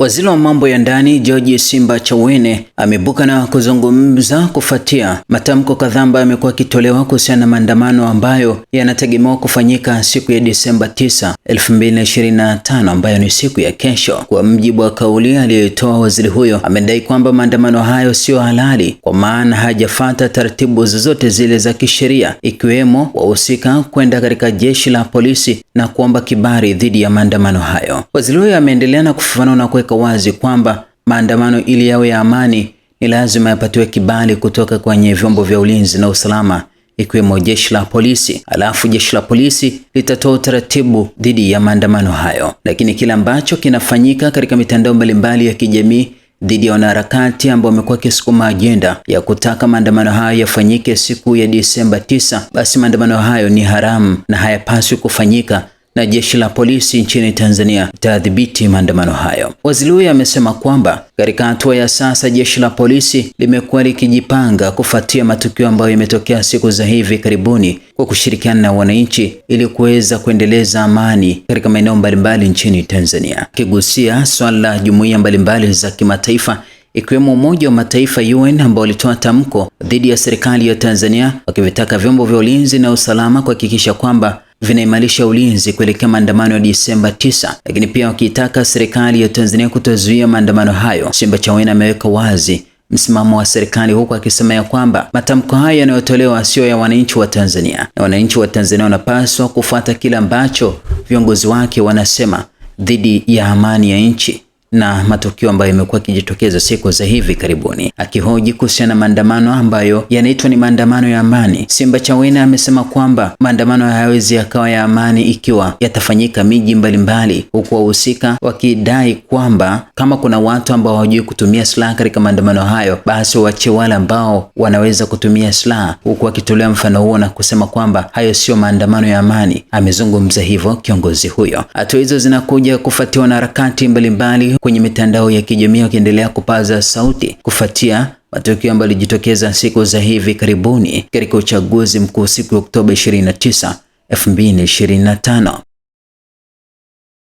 Waziri wa mambo ya ndani George Simba Chawene amebuka na kuzungumza kufuatia matamko kadhaa ambayo yamekuwa akitolewa kuhusiana na maandamano ambayo yanategemewa kufanyika siku ya Disemba 9, 2025 ambayo ni siku ya kesho. Kwa mjibu wa kauli aliyoitoa waziri huyo, amedai kwamba maandamano hayo sio halali kwa maana hajafata taratibu zozote zile za kisheria, ikiwemo wahusika kwenda katika jeshi la polisi na kuomba kibali dhidi ya maandamano hayo. Waziri huyo ameendelea na kufafanua na kuweka kuweka wazi kwamba maandamano ili yawe ya amani ni lazima yapatiwe kibali kutoka kwenye vyombo vya ulinzi na usalama ikiwemo jeshi la polisi, alafu jeshi la polisi litatoa utaratibu dhidi ya maandamano hayo. Lakini kile ambacho kinafanyika katika mitandao mbalimbali ya kijamii dhidi ya wanaharakati ambao wamekuwa wakisukuma ajenda ya kutaka maandamano hayo yafanyike siku ya Disemba 9, basi maandamano hayo ni haramu na hayapaswi kufanyika na jeshi la polisi nchini Tanzania itadhibiti maandamano hayo. Waziri huyo amesema kwamba katika hatua ya sasa jeshi la polisi limekuwa likijipanga kufuatia matukio ambayo yametokea siku za hivi karibuni kwa kushirikiana na wananchi ili kuweza kuendeleza amani katika maeneo mbalimbali nchini Tanzania. Akigusia swala la jumuiya mbalimbali za kimataifa ikiwemo Umoja wa Mataifa UN ambao walitoa tamko dhidi ya serikali ya Tanzania wakivitaka vyombo vya ulinzi na usalama kuhakikisha kwamba vinaimarisha ulinzi kuelekea maandamano ya Disemba 9, lakini pia wakiitaka serikali ya Tanzania kutozuia maandamano hayo. Simba Chawene ameweka wazi msimamo wa serikali huku akisema ya kwamba matamko hayo yanayotolewa sio ya wananchi wa Tanzania na wananchi wa Tanzania wanapaswa kufuata kile ambacho viongozi wake wanasema dhidi ya amani ya nchi na matukio ambayo yamekuwa yakijitokeza siku za hivi karibuni. Akihoji kuhusiana na maandamano ambayo yanaitwa ni maandamano ya amani, Simba Chawena amesema kwamba maandamano hayawezi yakawa ya amani ikiwa yatafanyika miji mbalimbali, huku wahusika wakidai kwamba kama kuna watu ambao hawajui kutumia silaha katika maandamano hayo, basi wache wale ambao wanaweza kutumia silaha, huku akitolea mfano huo na kusema kwamba hayo sio maandamano ya amani. Amezungumza hivyo kiongozi huyo. Hatua hizo zinakuja kufuatiwa na harakati mbalimbali kwenye mitandao ya kijamii wakiendelea kupaza sauti kufuatia matukio ambayo yalijitokeza siku za hivi karibuni katika uchaguzi mkuu siku ya Oktoba 29, 2025.